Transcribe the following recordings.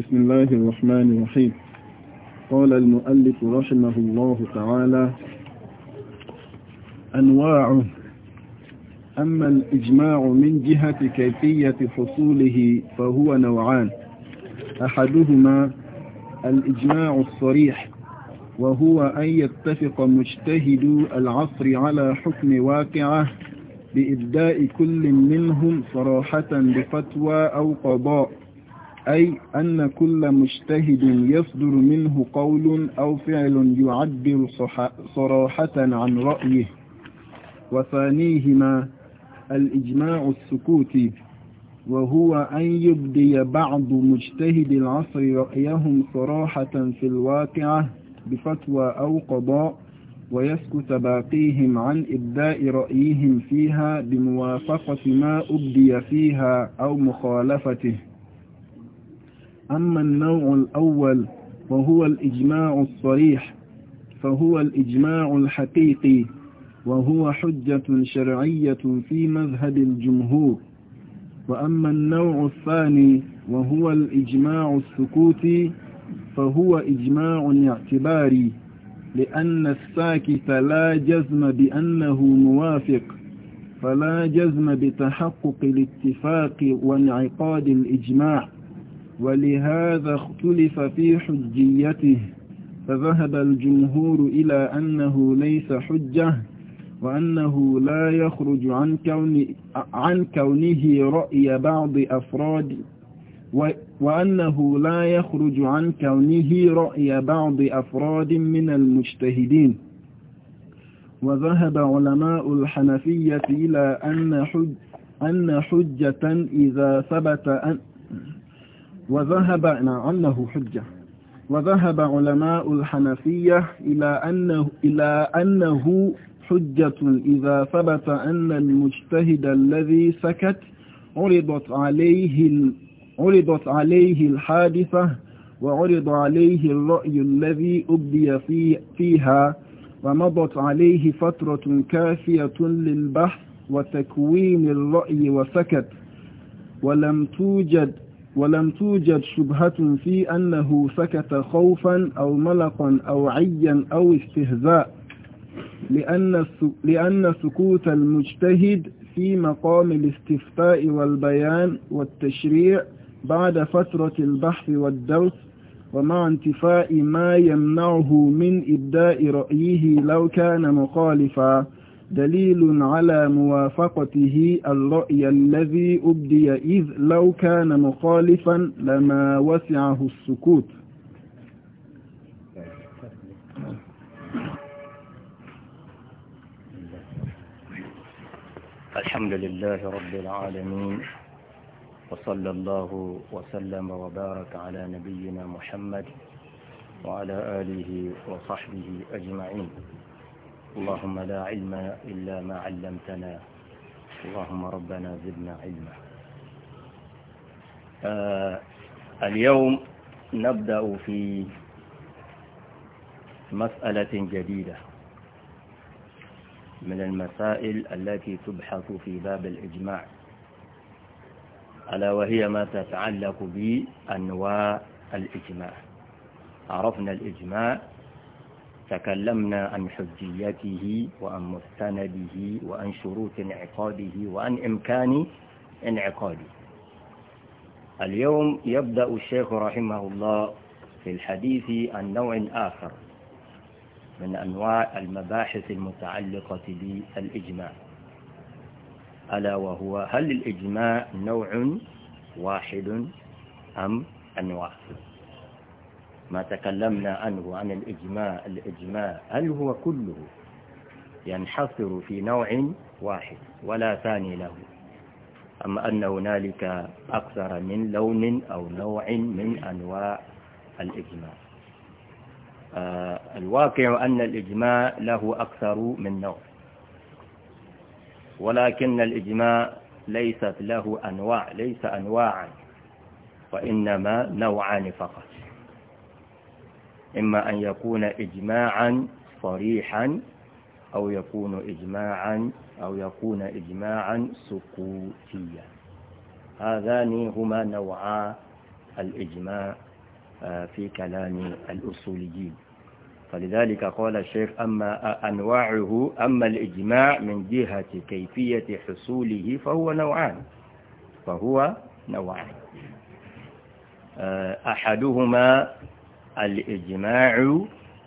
بسم الله الرحمن الرحيم قال المؤلف رحمه الله تعالى أنواع أما الإجماع من جهة كيفية حصوله فهو نوعان أحدهما الإجماع الصريح وهو أن يتفق مجتهد العصر على حكم واقعه بإبداء كل منهم صراحة بفتوى أو قضاء أي أن كل مجتهد يصدر منه قول أو فعل يعبر صراحة عن رأيه وثانيهما الإجماع السكوتي وهو أن يبدي بعض مجتهد العصر رأيهم صراحة في الواقعة بفتوى أو قضاء ويسكت باقيهم عن إبداء رأيهم فيها بموافقة ما أبدي فيها أو مخالفته أما النوع الأول وهو الإجماع الصريح فهو الإجماع الحقيقي وهو حجة شرعية في مذهب الجمهور وأما النوع الثاني وهو الإجماع السكوتي فهو إجماع اعتباري لأن الساكت لا جزم بأنه موافق فلا جزم بتحقق الاتفاق وانعقاد الإجماع ولهذا اختلف في حجيته فذهب الجمهور إلى أنه ليس حجة وأنه لا يخرج عن, كون عن كونه رأي بعض أفراد وأنه لا يخرج عن كونه رأي بعض أفراد من المجتهدين وذهب علماء الحنفية إلى أن, حج أن حجة إذا ثبت أن وذهب انه حجة وذهب علماء الحنفية إلى أنه, إلى أنه حجة إذا ثبت أن المجتهد الذي سكت عرضت عليه عرضت عليه الحادثة وعرض عليه الرأي الذي أبدي في فيها ومضت عليه فترة كافية للبحث وتكوين الرأي وسكت ولم توجد ولم توجد شبهة في أنه سكت خوفا أو ملقا أو عيا أو استهزاء لأن, لأن سكوت المجتهد في مقام الاستفتاء والبيان والتشريع بعد فترة البحث والدرس ومع انتفاء ما يمنعه من إبداء رأيه لو كان مخالفا دليل على موافقته الرأي الذي أبدي إذ لو كان مخالفا لما وسعه السكوت الحمد لله رب العالمين وصلى الله وسلم وبارك على نبينا محمد وعلى آله وصحبه أجمعين اللهم لا علم إلا ما علمتنا اللهم ربنا زدنا علما آه اليوم نبدأ في مسألة جديدة من المسائل التي تبحث في باب الإجماع ألا وهي ما تتعلق بأنواع الإجماع عرفنا الإجماع تكلمنا عن حجيته وعن مستنده وعن شروط انعقاده وعن إمكان انعقاده اليوم يبدأ الشيخ رحمه الله في الحديث عن نوع آخر من أنواع المباحث المتعلقة بالإجماع ألا وهو هل الإجماع نوع واحد أم أنواع؟ ما تكلمنا عنه عن الإجماع الإجماع هل هو كله ينحصر في نوع واحد ولا ثاني له أما أن هنالك أكثر من لون أو نوع من أنواع الإجماع آه، الواقع أن الإجماع له أكثر من نوع ولكن الإجماع ليست له أنواع ليس أنواعا وإنما نوعان فقط إما أن يكون إجماعا صريحا أو يكون إجماعا أو يكون إجماعا سكوتيا هذان هما نوعا الإجماع آه، في كلام الأصوليين فلذلك قال الشيخ أما أنواعه أما الإجماع من جهة كيفية حصوله فهو نوعان فهو نوعان آه، أحدهما الإجماع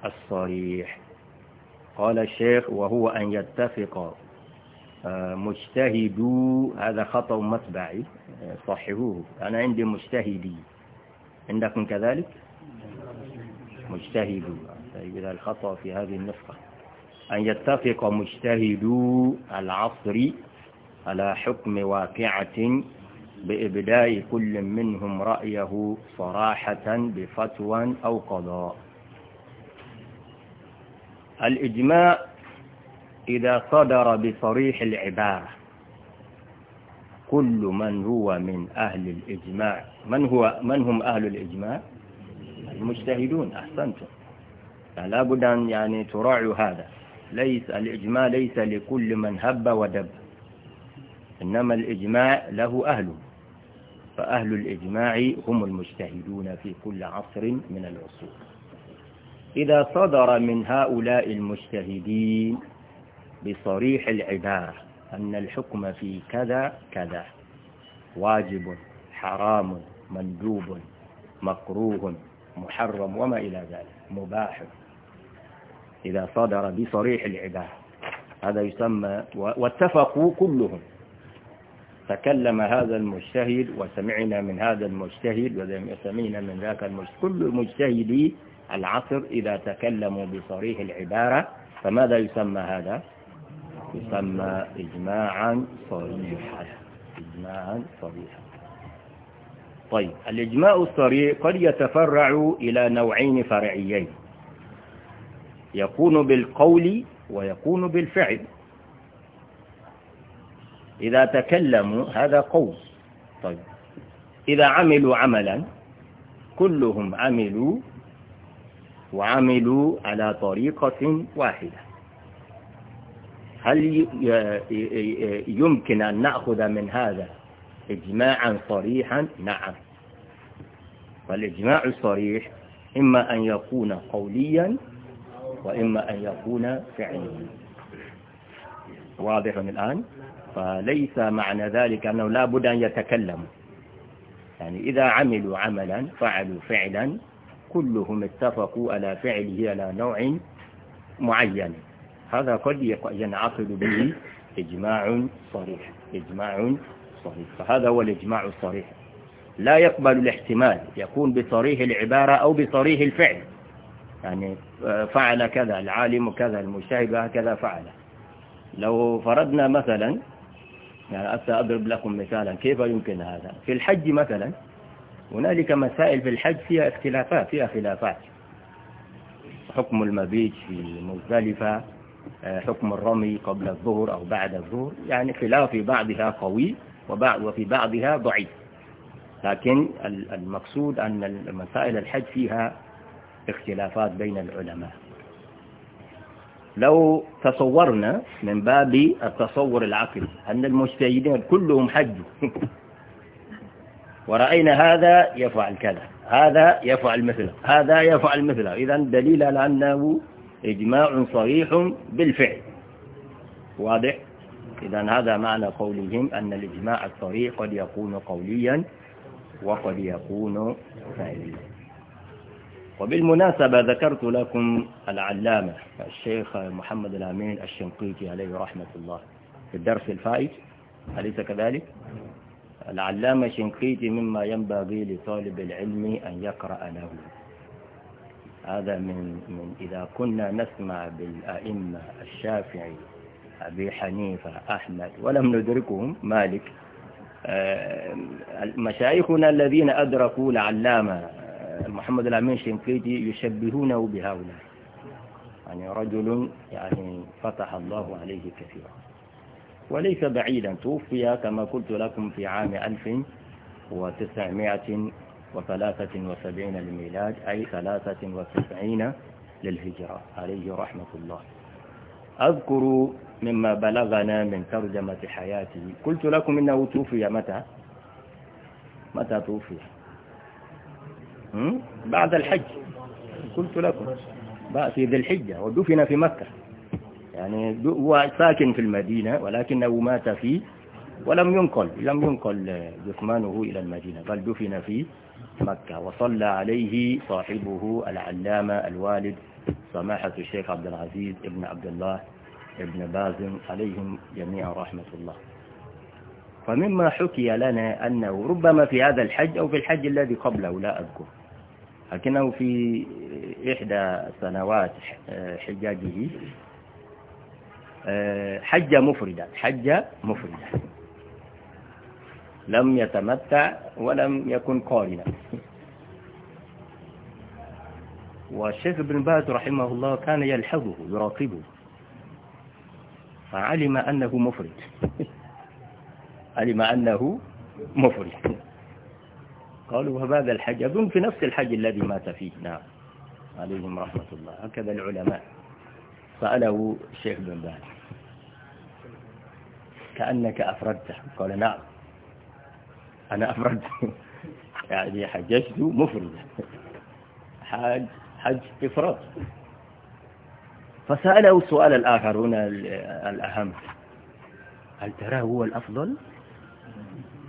الصريح قال الشيخ وهو أن يتفق آه، مجتهدو هذا خطأ متبعي آه، صححوه أنا عندي مجتهدي عندكم كذلك مجتهدو إذا الخطأ في هذه النسخة أن يتفق مجتهدو العصر على حكم واقعة بإبداء كل منهم رأيه صراحة بفتوى أو قضاء الإجماع إذا صدر بصريح العبارة كل من هو من أهل الإجماع من, هو من هم أهل الإجماع المجتهدون أحسنتم فلا بد أن يعني تراعوا هذا ليس الإجماع ليس لكل من هب ودب إنما الإجماع له أهله فأهل الإجماع هم المجتهدون في كل عصر من العصور إذا صدر من هؤلاء المجتهدين بصريح العبارة أن الحكم في كذا كذا واجب حرام مندوب مكروه محرم وما إلى ذلك مباح إذا صدر بصريح العبارة هذا يسمى واتفقوا كلهم تكلم هذا المجتهد وسمعنا من هذا المجتهد وسمعنا من ذاك المجتهد كل مجتهدي العصر إذا تكلموا بصريح العبارة فماذا يسمى هذا يسمى إجماعا صريحا إجماعا صريحا طيب الإجماع الصريح قد يتفرع إلى نوعين فرعيين يكون بالقول ويكون بالفعل إذا تكلموا هذا قول طيب إذا عملوا عملا كلهم عملوا وعملوا على طريقة واحدة هل يمكن أن نأخذ من هذا إجماعا صريحا نعم والإجماع الصريح إما أن يكون قوليا وإما أن يكون فعليا واضح الآن فليس معنى ذلك أنه لا بد أن يتكلموا يعني إذا عملوا عملا فعلوا فعلا كلهم اتفقوا على فعله على نوع معين هذا قد ينعقد به إجماع صريح إجماع صريح فهذا هو الإجماع الصريح لا يقبل الاحتمال يكون بصريح العبارة أو بصريح الفعل يعني آه، فعل كذا العالم كذا المشاهد كذا فعل لو فرضنا مثلا يعني أضرب لكم مثالا كيف يمكن هذا في الحج مثلا هنالك مسائل في الحج فيها اختلافات فيها خلافات حكم المبيت في مزدلفه آه، حكم الرمي قبل الظهر أو بعد الظهر يعني خلاف في بعضها قوي وبعض وفي بعضها ضعيف لكن المقصود أن مسائل الحج فيها اختلافات بين العلماء لو تصورنا من باب التصور العقلي أن المجتهدين كلهم حجوا ورأينا هذا يفعل كذا هذا يفعل مثله هذا يفعل مثله إذا دليل على أنه إجماع صريح بالفعل واضح إذا هذا معنى قولهم أن الإجماع الصريح قد يكون قوليا وقد يكون فعليا وبالمناسبة ذكرت لكم العلامة الشيخ محمد الأمين الشنقيطي عليه رحمة الله في الدرس الفائت أليس كذلك؟ العلامة الشنقيطي مما ينبغي لطالب العلم أن يقرأ له هذا من, من إذا كنا نسمع بالأئمة الشافعي أبي حنيفة أحمد ولم ندركهم مالك آه، مشايخنا الذين أدركوا العلامة محمد الأمين شنقيطي يشبهونه بهؤلاء يعني رجل يعني فتح الله عليه كثيرا وليس بعيدا توفي كما قلت لكم في عام 1973 للميلاد أي 93 للهجرة عليه رحمة الله أذكر مما بلغنا من ترجمة حياته قلت لكم إنه توفي متى متى توفي بعد الحج قلت لكم في ذي الحجة ودفن في مكة يعني هو ساكن في المدينة ولكنه مات في ولم ينقل لم ينقل جثمانه إلى المدينة بل دفن في مكة وصلى عليه صاحبه العلامة الوالد سماحة الشيخ عبد العزيز ابن عبد الله ابن باز عليهم جميعا رحمة الله فمما حكي لنا أنه ربما في هذا الحج أو في الحج الذي قبله لا أذكر لكنه في إحدى سنوات آه، حجاجه آه، حج مفردا حج مفردا لم يتمتع ولم يكن قارنا والشيخ ابن باز رحمه الله كان يلحظه يراقبه فعلم أنه مفرد علم أنه مفرد قالوا هذا الحج أظن في نفس الحج الذي مات فيه نعم عليهم رحمة الله هكذا العلماء سأله الشيخ بن باز كأنك أفردته قال نعم أنا أفرد يعني حججت مفردة حاج حج إفراد فسأله السؤال الآخر هنا الأهم هل تراه هو الأفضل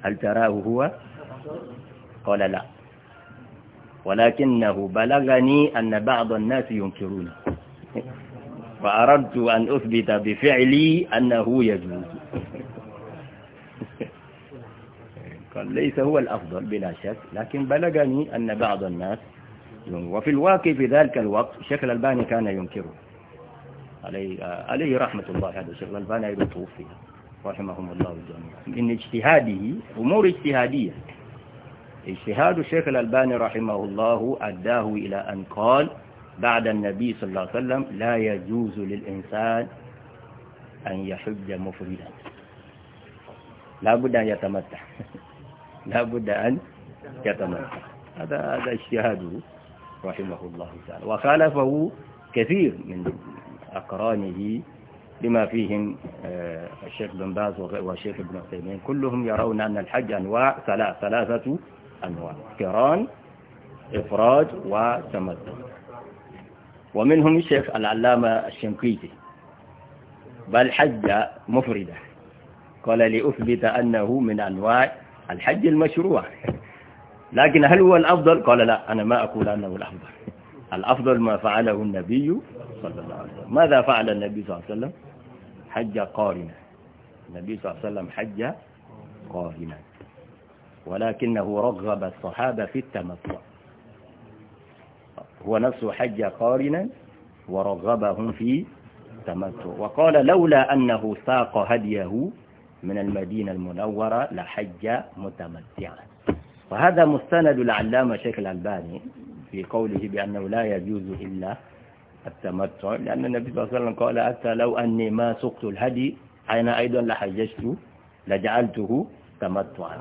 هل تراه هو قال لا ولكنه بلغني أن بعض الناس ينكرون فأردت أن أثبت بفعلي أنه يجوز قال ليس هو الأفضل بلا شك لكن بلغني أن بعض الناس وفي الواقع في ذلك الوقت الشيخ الباني كان ينكره عليه, عليه رحمة الله هذا الشيخ الباني أيضا توفي رحمهم الله الجميع من اجتهاده أمور اجتهادية اجتهاد الشيخ الألباني رحمه الله أداه إلى أن قال بعد النبي صلى الله عليه وسلم لا يجوز للإنسان أن يحج مفردا لا بد أن يتمتع لا بد أن يتمتع هذا هذا اجتهاده رحمه الله تعالى وخالفه كثير من أقرانه بما فيهم آه، الشيخ بن باز والشيخ ابن عثيمين كلهم يرون أن الحج أنواع ثلاثة أنواع قران إفراج وتمدد ومنهم الشيخ العلامة الشنقيطي بل حج مفردة قال لأثبت أنه من أنواع الحج المشروع لكن هل هو الأفضل قال لا أنا ما أقول أنه الأفضل الأفضل ما فعله النبي صلى الله عليه وسلم ماذا فعل النبي صلى الله عليه وسلم حج قارنة النبي صلى الله عليه وسلم حج قارنة ولكنه رغب الصحابة في التمتع هو نفسه حج قارنا ورغبهم في التمتع وقال لولا أنه ساق هديه من المدينة المنورة لحج متمتعا وهذا مستند العلامة شيخ الألباني في قوله بأنه لا يجوز إلا التمتع لأن النبي صلى الله عليه وسلم قال حتى لو أني ما سقت الهدي أنا أيضا لحججت لجعلته تمتعا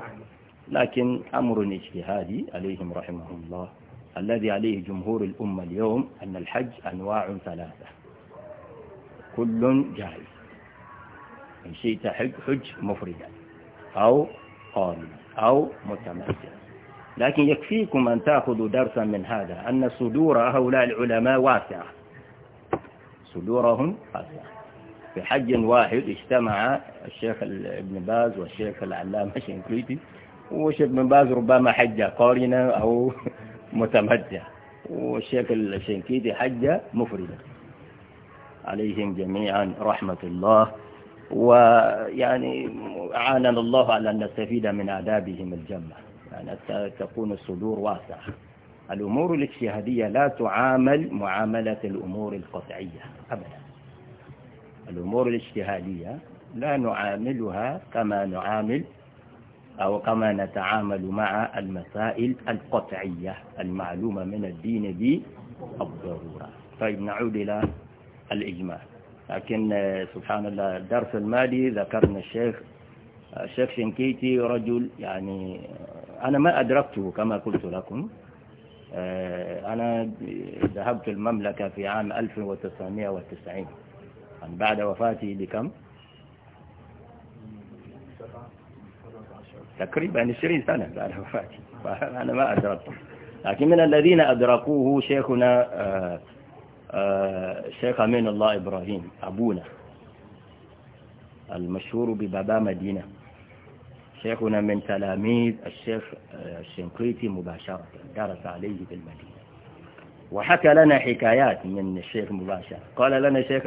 لكن أمر اجتهادي عليهم رحمه الله الذي عليه جمهور الأمة اليوم أن الحج أنواع ثلاثة كل جائز إن شئت حج, حج مفردا أو قارنا أو متمتعا لكن يكفيكم أن تأخذوا درسا من هذا أن صدور هؤلاء العلماء واسعة صدورهم واسعة في حج واحد اجتمع الشيخ ابن باز والشيخ العلامة شنكريتي والشيخ من باز ربما حجة قارنة أو متمتع والشيخ الشنكيدي حجة مفردة عليهم جميعا رحمة الله ويعني أعاننا الله على أن نستفيد من آدابهم الجمع يعني تكون الصدور واسعة الأمور الاجتهادية لا تعامل معاملة الأمور القطعية أبدا الأمور الاجتهادية لا نعاملها كما نعامل أو كما نتعامل مع المسائل القطعية المعلومة من الدين بالضرورة طيب نعود إلى الإجماع لكن آه، سبحان الله الدرس المالي ذكرنا الشيخ الشيخ آه، شنكيتي رجل يعني آه، أنا ما أدركته كما قلت لكم أنا ذهبت المملكة في عام 1990 يعني بعد وفاتي بكم تقريبا 20 سنة بعد وفاتي فأنا ما أدركته لكن من الذين أدركوه شيخنا آه، آه، شيخ أمين الله إبراهيم أبونا المشهور ببابا مدينة شيخنا من تلاميذ الشيخ آه، الشنقيطي مباشرة درس عليه في المدينة وحكى لنا حكايات من الشيخ مباشرة قال لنا شيخ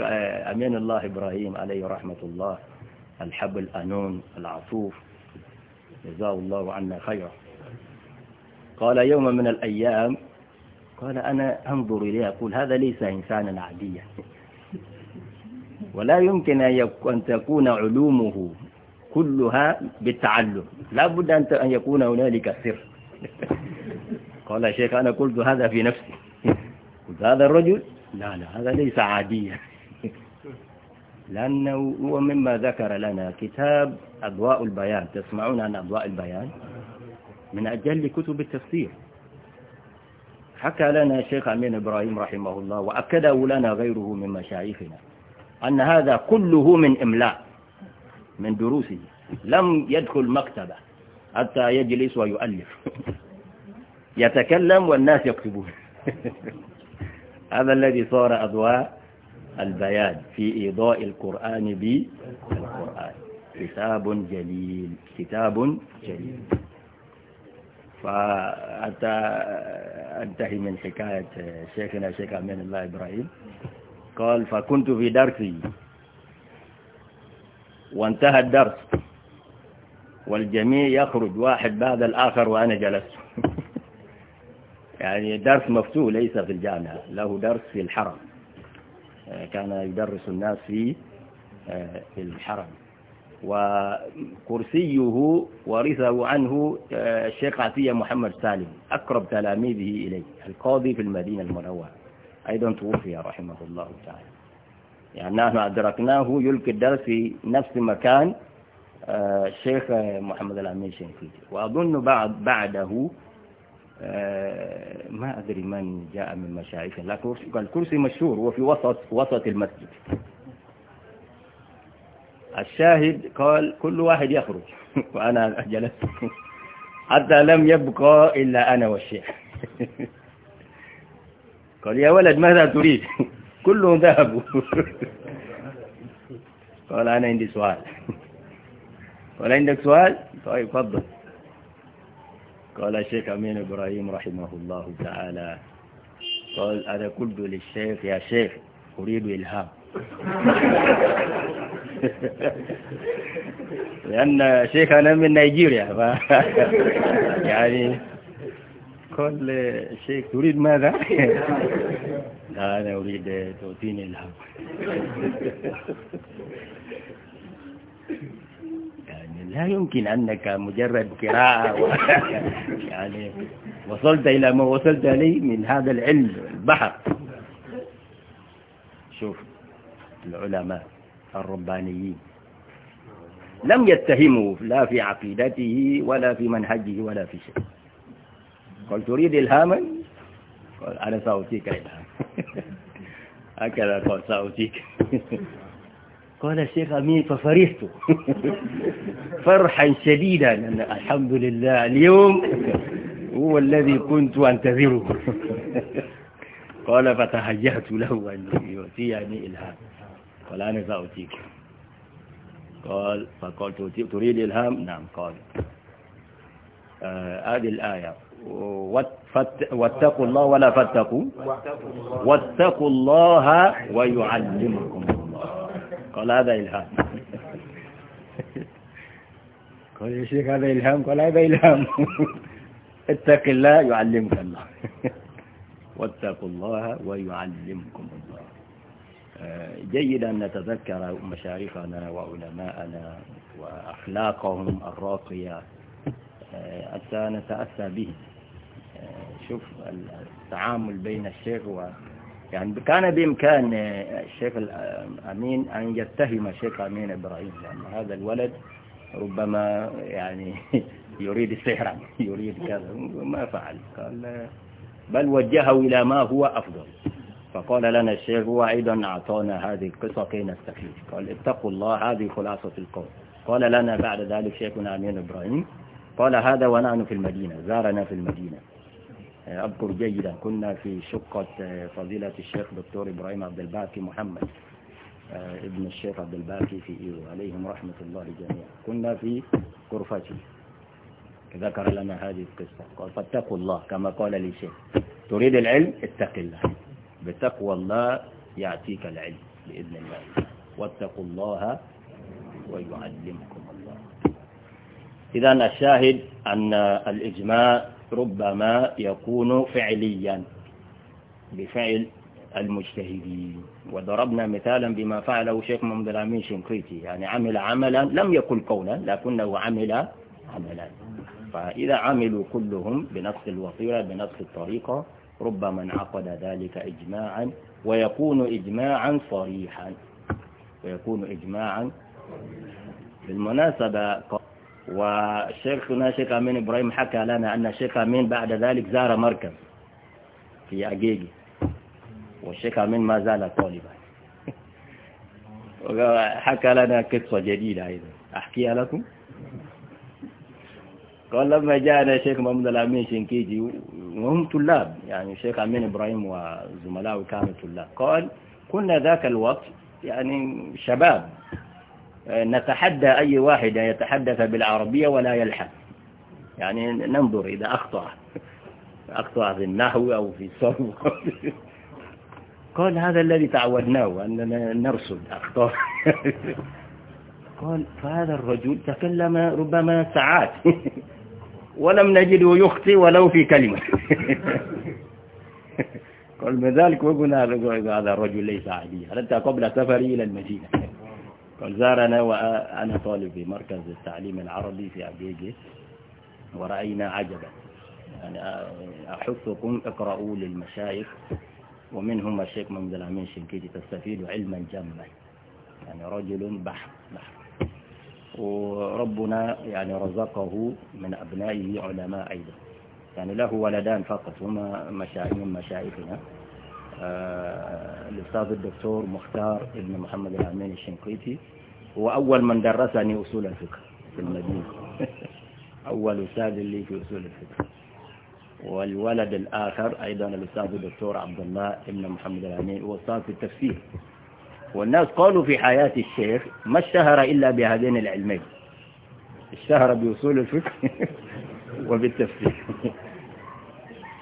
أمين الله إبراهيم عليه رحمة الله الحب الأنون العطوف جزاه الله عنا خيرا قال يوم من الأيام قال أنا أنظر إليه أقول هذا ليس إنسانا عاديا ولا يمكن أن تكون علومه كلها بالتعلم لا بد أن يكون هنالك سر قال يا شيخ أنا قلت هذا في نفسي قلت هذا الرجل لا لا هذا ليس عاديا لأنه هو مما ذكر لنا كتاب أضواء البيان تسمعون عن أضواء البيان من أجل كتب التفسير حكى لنا الشيخ أمين إبراهيم رحمه الله وأكده لنا غيره من مشايخنا أن هذا كله من إملاء من دروسه لم يدخل مكتبة حتى يجلس ويؤلف يتكلم والناس يكتبون هذا الذي صار أضواء البيان في إيضاء القرآن بالقرآن كتاب جليل كتاب جليل فحتى أنتهي من حكاية شيخنا شيخ أمين الله إبراهيم قال فكنت في درسي وانتهى الدرس والجميع يخرج واحد بعد الآخر وأنا جلست يعني درس مفتوح ليس في الجامعة له درس في الحرم كان يدرس الناس في آه، الحرم وكرسيه ورثه عنه آه، الشيخ عطية محمد سالم أقرب تلاميذه إليه القاضي في المدينة المنورة أيضا توفي رحمه الله تعالى يعني نحن أدركناه يلقي الدرس في نفس مكان آه، الشيخ محمد الأمين الشنقيطي وأظن بعد بعده آه، ما أدري من جاء من مشايخه لكن الكرسي مشهور وفي وسط وسط المسجد الشاهد قال كل واحد يخرج وأنا جلست حتى لم يبقى إلا أنا والشيخ قال يا ولد ماذا تريد كلهم ذهبوا قال أنا عندي سؤال قال عندك سؤال طيب فضل قال الشيخ أمين إبراهيم رحمه الله تعالى قال أنا قلت للشيخ يا شيخ أريد إلهام لأن شيخ أنا من نيجيريا ف... يعني قال الشيخ تريد ماذا؟ لا أنا أريد تعطيني الهام لا يمكن أنك مجرد قراءة يعني وصلت إلى ما وصلت إليه من هذا العلم البحر شوف العلماء الربانيين لم يتهموا لا في عقيدته ولا في منهجه ولا في شيء قل تريد إلهاما قل أنا سأوتيك الهام هكذا قل سأوتيك قال الشيخ أمين ففرحت فرحا شديدا أن الحمد لله اليوم هو الذي كنت أنتظره قال فتهجهت له أن يؤتيني إلهام قال أنا سأؤتيك قال فقال تريد إلهام نعم قال آه، هذه آه الآية واتقوا الله ولا فاتقوا واتقوا الله ويعلمكم قال هذا إلهام قال يا شيخ هذا إلهام قال هذا إلهام اتق الله يعلمك الله واتقوا الله ويعلمكم الله آه، جيد أن نتذكر مشايخنا وعلماءنا وأخلاقهم الراقية آه، حتى نتأسى به آه، شوف التعامل بين الشيخ يعني كان بإمكان الشيخ الأمين أن يتهم الشيخ أمين إبراهيم لأن هذا الولد ربما يعني يريد السحر يريد كذا ما فعل قال بل وجهه إلى ما هو أفضل فقال لنا الشيخ هو أيضا أعطانا هذه القصة كي نستفيد قال اتقوا الله هذه خلاصة القول قال لنا بعد ذلك شيخنا أمين إبراهيم قال هذا ونحن في المدينة زارنا في المدينة أذكر جيدا كنا في شقة آه، فضيلة الشيخ دكتور إبراهيم عبد الباكي محمد آه، ابن الشيخ عبد الباكي في إيرو عليهم رحمة الله جميعا كنا في غرفتي ذكر لنا هذه القصة قال فاتقوا الله كما قال لي شيخ تريد العلم اتق الله بتقوى الله يعطيك العلم بإذن الله واتقوا الله ويعلمكم الله إذا الشاهد أن الإجماع ربما يكون فعليا بفعل المجتهدين وضربنا مثالا بما فعله شيخ محمد الأمين شنقيطي يعني عمل عملا لم يقل قولا لكنه عمل عملا فإذا عملوا كلهم بنفس الوطيرة بنفس الطريقة ربما انعقد ذلك إجماعا ويكون إجماعا صريحا ويكون إجماعا بالمناسبة وشيخنا شيخ أمين إبراهيم حكى لنا أن الشيخ أمين بعد ذلك زار مركز في أجيجي والشيخ أمين ما زال طالبا حكى لنا قصة جديدة أيضا أحكيها لكم قال لما جاءنا الشيخ محمد الأمين شنكيجي وهم طلاب يعني الشيخ أمين إبراهيم وزملائه كانوا طلاب قال كنا ذاك الوقت يعني شباب نتحدى أي واحد أن يتحدث بالعربية ولا يلحن يعني ننظر إذا أخطأ أخطأ في النحو أو في الصرف قال هذا الذي تعودناه أننا نرصد أخطاء قال فهذا الرجل تكلم ربما ساعات ولم نجده يخطي ولو في كلمة قال من ذلك وقلنا هذا الرجل ليس عاديا حتى قبل سفري إلى المدينة قال زارنا وأنا طالب في مركز التعليم العربي في أبيجي ورأينا عجبا يعني أحثكم اقرأوا للمشايخ ومنهم الشيخ محمد الأمين شنكيتي تستفيد علما جما يعني رجل بحر بحر وربنا يعني رزقه من أبنائه علماء أيضا يعني له ولدان فقط هما مشايخ من مشايخنا آه، الأستاذ الدكتور مختار ابن محمد العمين الشنقيطي هو أول من درسني أصول الفقه في المدينة أول أستاذ لي في أصول الفقه والولد الآخر أيضا الأستاذ الدكتور عبد الله ابن محمد العمين هو أستاذ في التفسير والناس قالوا في حياة الشيخ ما اشتهر إلا بهذين العلمين اشتهر بأصول الفقه وبالتفسير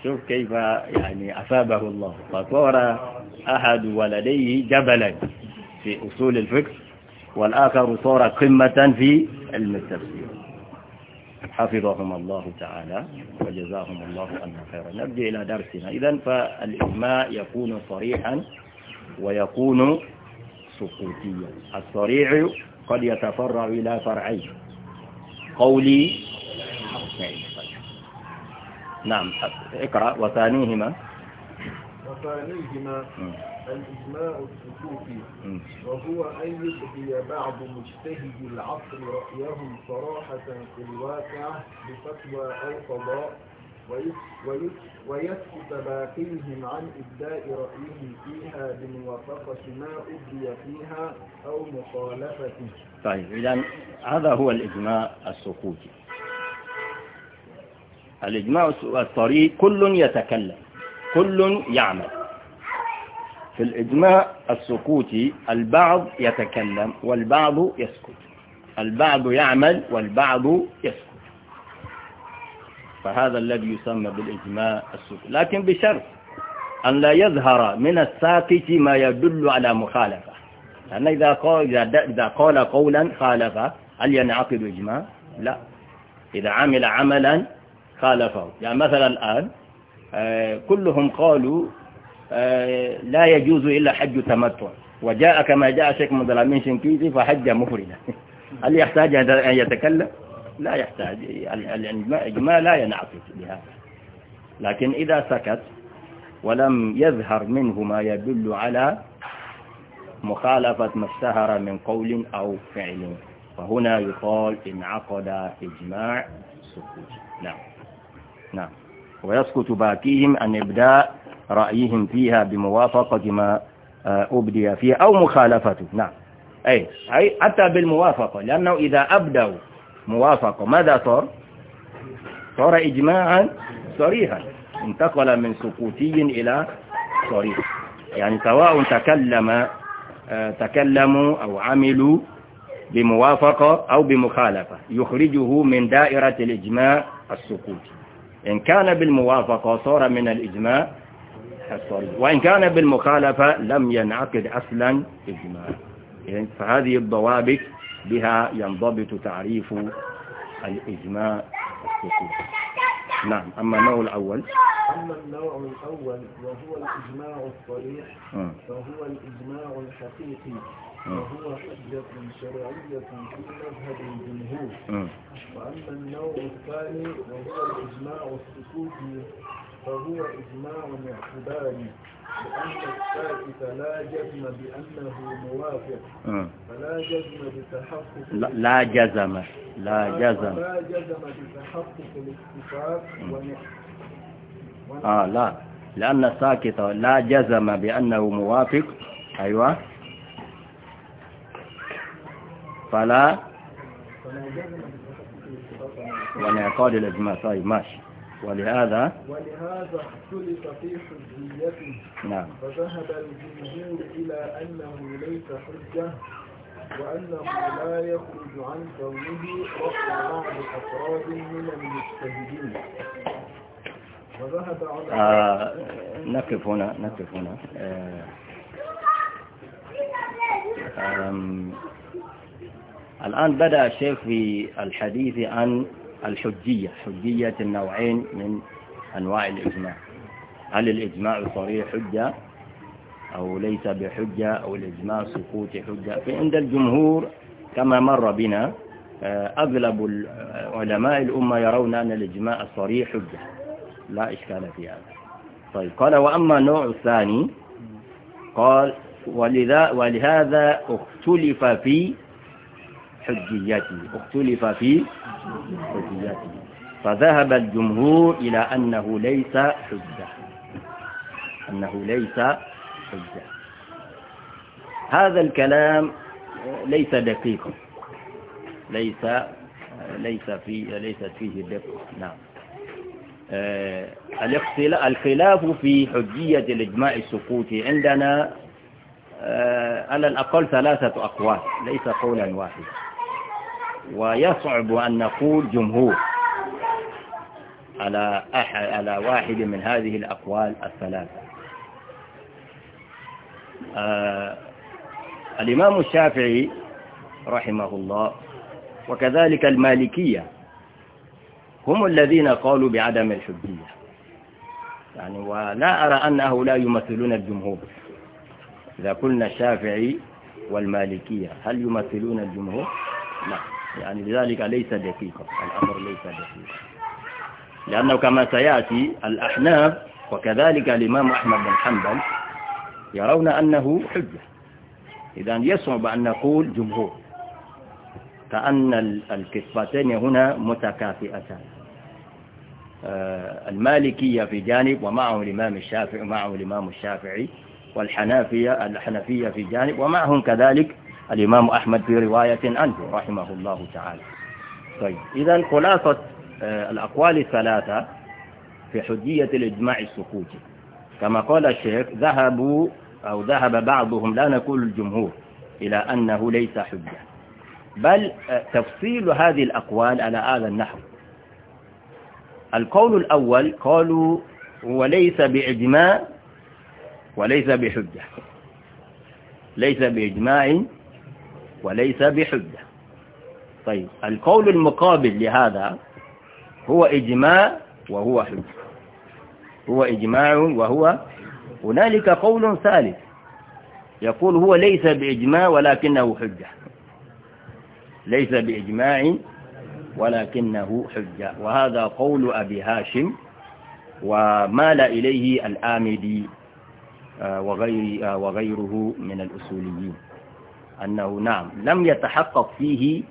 شوف كيف يعني أثابه الله فصار أحد ولديه جبلا في أصول الفكر والآخر صار قمة في علم التفسير حفظهم الله تعالى وجزاهم الله عنا خيرا نرجع إلى درسنا إذا فالإجماع يكون صريحا ويكون سقوطيا الصريع قد يتفرع إلى فرعين قولي وفعلي نعم اقرأ وثانيهما وثانيهما الإجماع السكوتي وهو أن يبقي بعض مجتهد العصر رأيهم صراحة في الواقع بفتوى أو قضاء ويسكت باقيهم عن إبداء رأيهم فيها بموافقة ما أبدي فيها أو مخالفته طيب إذا هذا هو الإجماع السكوتي الإجماع الطريق كل يتكلم كل يعمل في الإجماع السكوتي البعض يتكلم والبعض يسكت البعض يعمل والبعض يسكت فهذا الذي يسمى بالإجماع السكوتي لكن بشرط أن لا يظهر من الساكت ما يدل على مخالفة لأن إذا قال, إذا قال قولا خالفة هل ينعقد إجماع؟ لا إذا عمل عملا خالفه يعني مثلا الآن آه، كلهم قالوا آه، لا يجوز إلا حج تمتع وجاء كما جاء شيخ محمد الأمين شنكيزي فحج مفردا هل يحتاج أن يتكلم لا يحتاج الإجماع لا ينعكس بهذا لكن إذا سكت ولم يظهر منه ما يدل على مخالفة ما اشتهر من قول أو فعل فهنا يقال انعقد إجماع سكوت نعم نعم ويسكت باكيهم عن إبداء رأيهم فيها بموافقة ما آه، أبدي فيها أو مخالفته نعم أي أي أتى بالموافقة لأنه إذا أبدوا موافقة ماذا صار صار إجماعا صريحا انتقل من سقوطي إلى صريح يعني سواء تكلم آه، تكلموا أو عملوا بموافقة أو بمخالفة يخرجه من دائرة الإجماع السقوطي إن كان بالموافقة صار من الإجماع الصريح وإن كان بالمخالفة لم ينعقد أصلا إجماع فهذه الضوابط بها ينضبط تعريف الإجماع السكوت نعم أما النوع الأول أما النوع الأول وهو الإجماع الصريح آه. فهو الإجماع الحقيقي وهو حجة شرعية في مذهب الجمهور وأما النوع الثاني وهو الإجماع السكوتي فهو إجماع اعتباري لأن الساكت لا جزم بأنه موافق فلا جزم بتحقق لا, جزم لا جزم لا جزم بتحقق الاتفاق ونحن آه لا لأن الساكت لا جزم بأنه موافق أيوة فلا ونعقاد الإجماع طيب ماشي ولهذا ولهذا اختلف في حجيته نعم فذهب الجمهور إلى أنه ليس حجة وأنه لا يخرج عن كونه رفع بعض أفراد من المجتهدين وذهب على آه نقف هنا نقف هنا آه الآن بدأ الشيخ في الحديث عن الحجية حجية النوعين من أنواع الإجماع هل الإجماع صريح حجة أو ليس بحجة أو الإجماع سقوط حجة فعند الجمهور كما مر بنا آه، أغلب آه، علماء الأمة يرون أن الإجماع الصريح حجة لا إشكال في هذا طيب قال وأما النوع الثاني قال ولذا ولهذا اختلف في حجيته اختلف في حجيته فذهب الجمهور إلى أنه ليس حجة أنه ليس حجة هذا الكلام ليس دقيقا ليس ليس في ليست فيه دقة نعم آه الخلاف في حجية الإجماع السقوطي عندنا آه على الأقل ثلاثة أقوال ليس قولا واحدا ويصعب أن نقول جمهور على, على واحد من هذه الأقوال الثلاثة آه الإمام الشافعي رحمه الله وكذلك المالكية هم الذين قالوا بعدم الحجية يعني ولا أرى أنه لا يمثلون الجمهور إذا قلنا الشافعي والمالكية هل يمثلون الجمهور؟ لا يعني لذلك ليس دقيقا الأمر ليس دقيقا لأنه كما سيأتي الأحناف وكذلك الإمام أحمد بن حنبل يرون أنه حجة إذا يصعب أن نقول جمهور كأن الكتفتين هنا متكافئتان آه، المالكية في جانب ومعهم الإمام الشافعي ومعهم الإمام الشافعي والحنافية الحنفية في جانب ومعهم كذلك الإمام أحمد في رواية عنه رحمه الله تعالى طيب إذا خلاصة آه، الأقوال الثلاثة في حجية الإجماع السكوتي كما قال الشيخ ذهبوا أو ذهب بعضهم لا نقول الجمهور إلى أنه ليس حجة بل آه، تفصيل هذه الأقوال على هذا النحو القول الأول قالوا وليس بإجماع وليس بحجة ليس بإجماع وليس بحجة طيب القول المقابل لهذا هو إجماع وهو حجة هو إجماع وهو هنالك قول ثالث يقول هو ليس بإجماع ولكنه حجة ليس بإجماع ولكنه حجة وهذا قول أبي هاشم ومال إليه الآمدي آه، وغير آه، وغيره من الأصوليين أنه نعم لم يتحقق فيه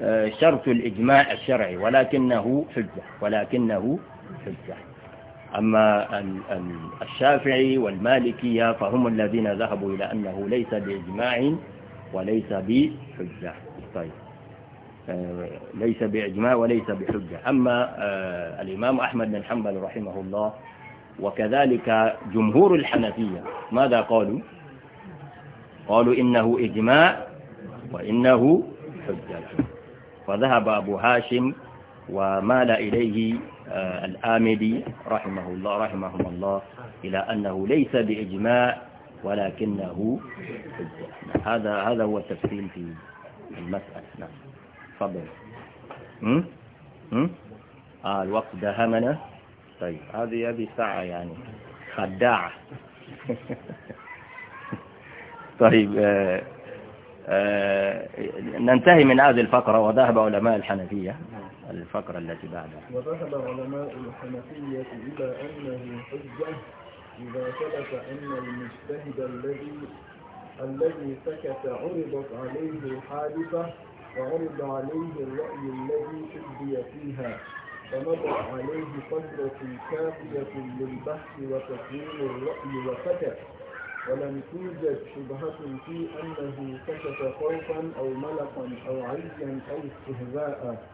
آه، شرط الإجماع الشرعي ولكنه حجة ولكنه حجة أما الشافعي والمالكية فهم الذين ذهبوا إلى أنه ليس بإجماع وليس بحجة طيب آه، ليس بإجماع وليس بحجة أما آه، الإمام أحمد بن حنبل رحمه الله وكذلك جمهور الحنفية ماذا قالوا؟ قالوا إنه إجماع وإنه حجة فذهب أبو هاشم ومال إليه آه، الآمدي رحمه الله رحمهم الله إلى أنه ليس بإجماع ولكنه حجة هذا هذا هو التفصيل في المسألة نعم تفضل آه الوقت دهمنا طيب هذه هذه ساعة يعني خداعة طيب آه، آه، ننتهي من هذه الفقرة وذهب علماء الحنفية الفقرة التي بعدها وذهب علماء الحنفية إلى أنه حجة إذا ثبت أن المجتهد الذي الذي سكت عرضت عليه الحادثة وعرض عليه الرأي الذي أبدي فيها فمضت عليه فترة كافية للبحث وتكوين الرأي وسكت ولم توجد شبهة في أنه كشف خوفا أو ملقا أو عيا أو استهزاء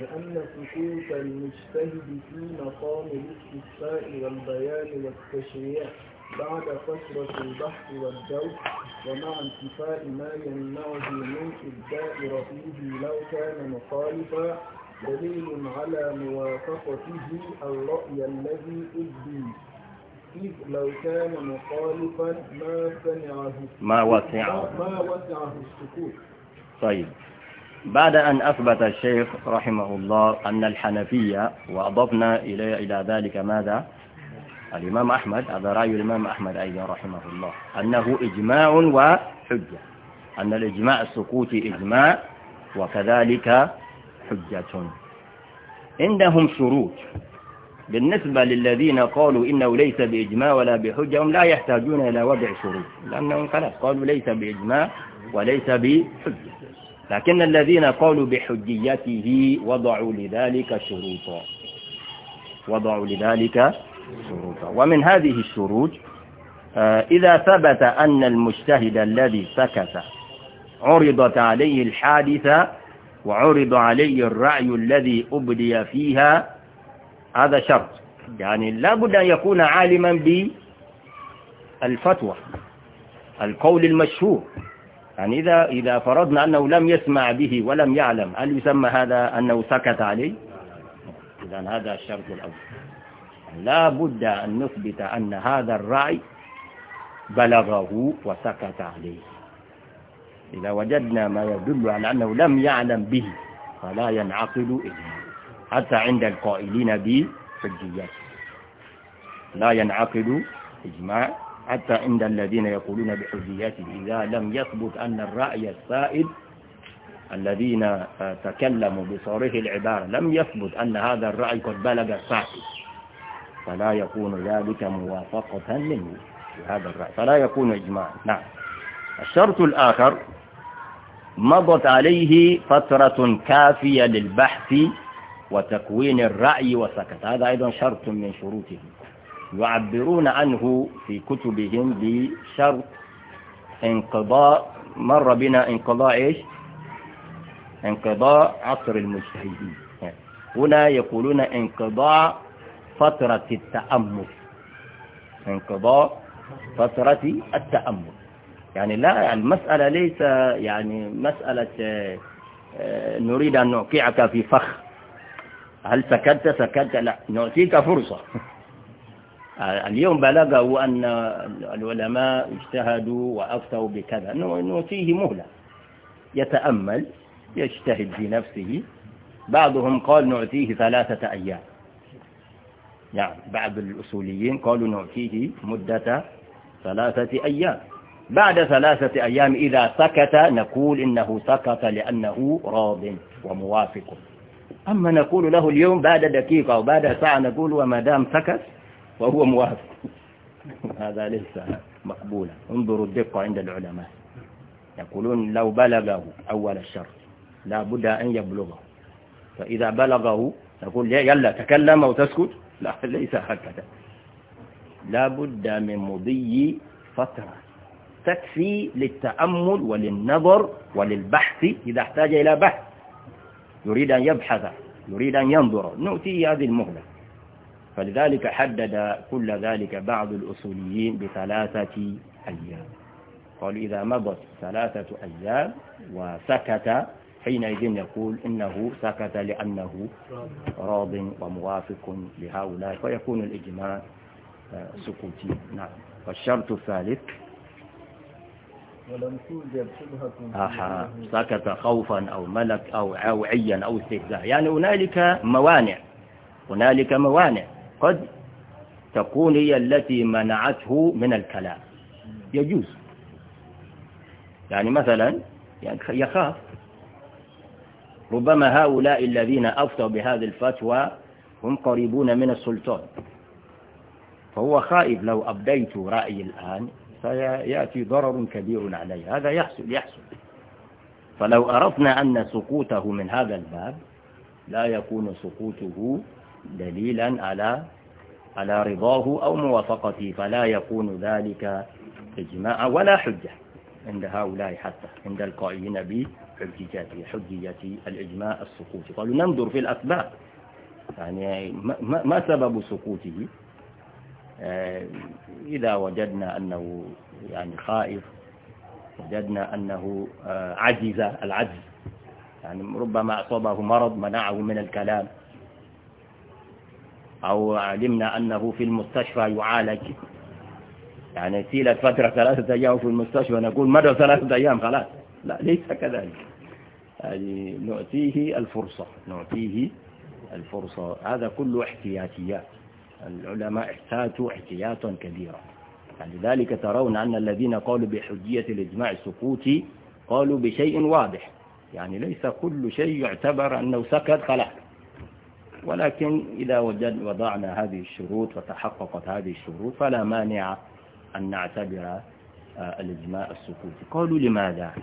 لأن سكوت المجتهد في مقام الاستفاء والبيان والتشريع بعد فترة البحث والجوف ومع انتفاء ما يمنعه من إبداء رأيه لو كان مخالفا دليل على موافقته الرأي الذي أبدي الحديث لو كان مخالفا ما سمعه ما وسعه ما وسعه السكوت طيب بعد أن أثبت الشيخ رحمه الله أن الحنفية وأضفنا إلى إلى ذلك ماذا الإمام أحمد هذا رأي الإمام أحمد أيضا رحمه الله أنه إجماع وحجة أن الإجماع السكوتي إجماع وكذلك حجة عندهم شروط بالنسبة للذين قالوا إنه ليس بإجماع ولا بحجة هم لا يحتاجون إلى وضع شروط لأنهم خلاص قالوا ليس بإجماع وليس بحجة لكن الذين قالوا بحجيته وضعوا لذلك شروطا وضعوا لذلك شروطا ومن هذه الشروط آه، إذا ثبت أن المجتهد الذي سكت عرضت عليه الحادثة وعرض عليه الرأي الذي أبدي فيها هذا شرط يعني لا بد أن يكون عالما بالفتوى القول المشهور يعني إذا, إذا فرضنا أنه لم يسمع به ولم يعلم هل يسمى هذا أنه سكت عليه إذا هذا الشرط الأول لا بد أن نثبت أن هذا الرأي بلغه وسكت عليه إذا وجدنا ما يدل على أنه لم يعلم به فلا ينعقد إليه حتى عند القائلين بحجيته لا ينعقد إجماع حتى عند الذين يقولون بحجيته إذا لم يثبت أن الرأي السائد الذين تكلموا بصريح العبارة لم يثبت أن هذا الرأي قد بلغ السائد فلا يكون ذلك موافقة منه هذا الرأي فلا يكون إجماعا نعم الشرط الآخر مضت عليه فترة كافية للبحث وتكوين الرأي وسكت هذا أيضا شرط من شروطه يعبرون عنه في كتبهم بشرط انقضاء مر بنا انقضاء إيش انقضاء عصر المجتهدين هنا يقولون انقضاء فترة التأمل انقضاء فترة التأمل يعني لا المسألة ليس يعني مسألة آه، نريد أن نوقعك في فخ هل سكت سكت لا نعطيك فرصة اليوم بلغه أن العلماء اجتهدوا وأفتوا بكذا نعطيه مهلة يتأمل يجتهد في نفسه بعضهم قال نعطيه ثلاثة أيام يعني بعض الأصوليين قالوا نعطيه مدة ثلاثة أيام بعد ثلاثة أيام إذا سكت نقول إنه سكت لأنه راض وموافق أما نقول له اليوم بعد دقيقة أو بعد ساعة نقول وما دام سكت وهو موافق هذا ليس مقبولا انظروا الدقة عند العلماء يقولون لو بلغه أول الشر لا بد أن يبلغه فإذا بلغه نقول يلا تكلم أو تسكت لا ليس هكذا لا بد من مضي فترة تكفي للتأمل وللنظر وللبحث إذا احتاج إلى بحث يريد أن يبحث يريد أن ينظر نؤتيه هذه المهلة فلذلك حدد كل ذلك بعض الأصوليين بثلاثة أيام قالوا إذا مضت ثلاثة أيام وسكت حينئذ يقول إنه سكت لأنه راض وموافق لهؤلاء فيكون الإجماع سكوتي نعم والشرط الثالث ولم توجد شبهة أحا سكت خوفا أو ملك أو عوعيا أو استهزاء يعني هنالك موانع هنالك موانع قد تكون هي التي منعته من الكلام يجوز يعني مثلا يخاف ربما هؤلاء الذين أفتوا بهذه الفتوى هم قريبون من السلطان فهو خائف لو أبديت رأيي الآن فيأتي ضرر كبير عليه هذا يحصل يحصل فلو أردنا أن سقوطه من هذا الباب لا يكون سقوطه دليلا على على رضاه أو موافقته فلا يكون ذلك إجماع ولا حجة عند هؤلاء حتى عند القائلين بحجيته حجية الإجماع السقوطي قالوا ننظر في الأسباب يعني ما سبب سقوطه آه، إذا وجدنا أنه يعني خائف وجدنا أنه آه، عجز العجز يعني ربما أصابه مرض منعه من الكلام أو علمنا أنه في المستشفى يعالج يعني سيلة فترة ثلاثة أيام في المستشفى نقول مدى ثلاثة أيام خلاص لا ليس كذلك يعني نعطيه الفرصة نعطيه الفرصة هذا كله احتياطيات العلماء احتاجوا احتياطا كبيرا يعني لذلك ترون أن الذين قالوا بحجية الإجماع السقوطي قالوا بشيء واضح يعني ليس كل شيء يعتبر أنه سكت خلاص ولكن إذا وجدنا وضعنا هذه الشروط وتحققت هذه الشروط فلا مانع أن نعتبر آه، الإجماع السكوتي قالوا لماذا؟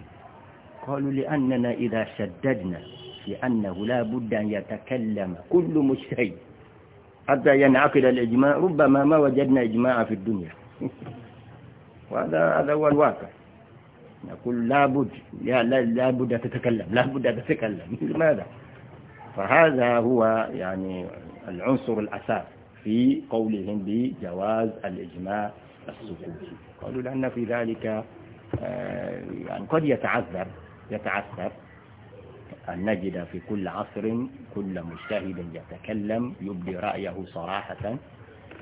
قالوا لأننا إذا شددنا لأنه لا بد أن يتكلم كل مجتهد حتى ينعقد يعني الإجماع ربما ما وجدنا إجماع في الدنيا وهذا هذا هو الواقع نقول لابد لا لابد تتكلم لابد تتكلم لماذا فهذا هو يعني العنصر الأساس في قولهم بجواز الإجماع السكوتي قالوا لأن في ذلك آه، يعني قد يتعذر يتعثر أن نجد في كل عصر كل مجتهد يتكلم يبدي رأيه صراحة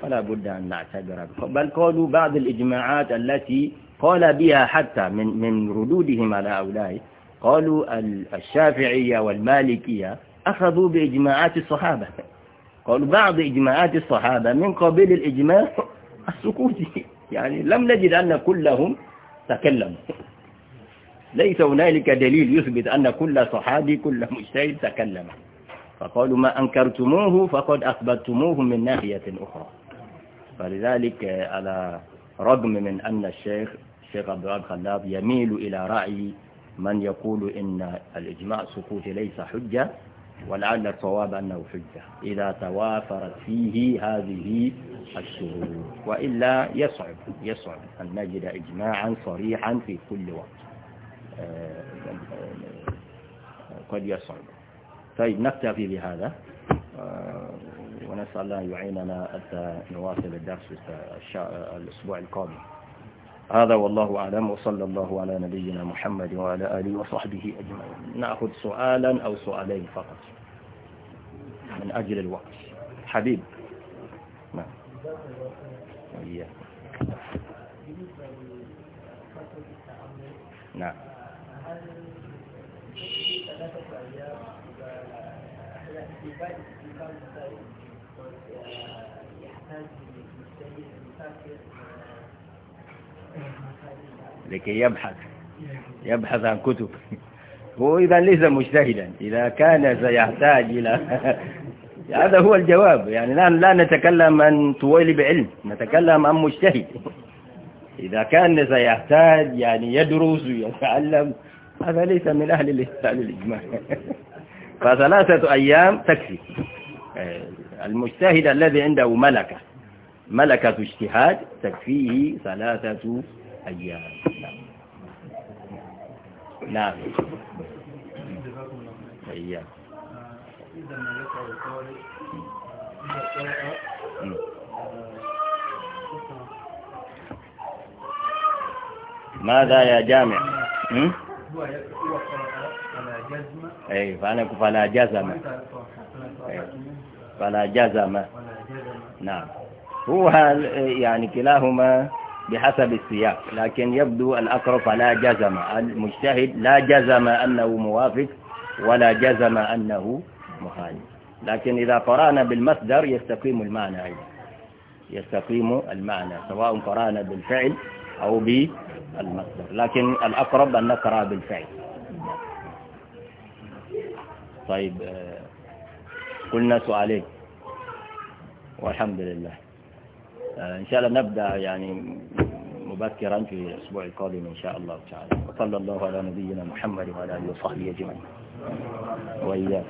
فلا بد أن نعتبر بل قالوا بعض الإجماعات التي قال بها حتى من من ردودهم على هؤلاء قالوا الشافعية والمالكية أخذوا بإجماعات الصحابة قالوا بعض إجماعات الصحابة من قبيل الإجماع السكوتي يعني لم نجد أن كلهم تكلموا ليس هنالك دليل يثبت أن كل صحابي كل مجتهد تكلم فقالوا ما أنكرتموه فقد أثبتموه من ناحية أخرى فلذلك على رغم من أن الشيخ الشيخ عبد الوهاب خلاب يميل إلى رأي من يقول إن الإجماع السقوطي ليس حجة ولعل الصواب أنه حجة إذا توافرت فيه هذه الشروط وإلا يصعب يصعب أن نجد إجماعا صريحا في كل وقت قد يصعب طيب نكتفي بهذا آه، ونسأل الله يعيننا حتى نواصل الدرس الأسبوع القادم هذا والله أعلم وصلى الله على نبينا محمد وعلى آله وصحبه أجمعين نأخذ سؤالا أو سؤالين فقط من أجل الوقت حبيب نعم نعم لكي يبحث يبحث عن كتب هو إذا ليس مجتهدا إذا كان سيحتاج إلى هذا هو الجواب يعني نحن لا نتكلم عن طويل بعلم نتكلم عن مجتهد إذا كان سيحتاج يعني يدرس ويتعلم هذا ليس من أهل الإجماع فثلاثة أيام تكفي آه، المجتهد الذي عنده ملكة ملكة اجتهاد تكفيه ثلاثة أيام نعم, نعم. أيام ماذا يا جامع؟ هو هو فلا جزم اي فانا فلا جزم فلا جزم نعم هو يعني كلاهما بحسب السياق لكن يبدو الأقرب فلا جزم المجتهد لا جزم أنه موافق ولا جزم أنه مخالف لكن إذا قرانا بالمصدر يستقيم المعنى أيضا يستقيم المعنى سواء قرانا بالفعل أو المصدر لكن الأقرب أن نقرأ بالفعل طيب آه، قلنا سؤالين والحمد لله آه، إن شاء الله نبدأ يعني مبكرا في الأسبوع القادم إن شاء الله تعالى وصلى الله على نبينا محمد وعلى آله وصحبه أجمعين وإياكم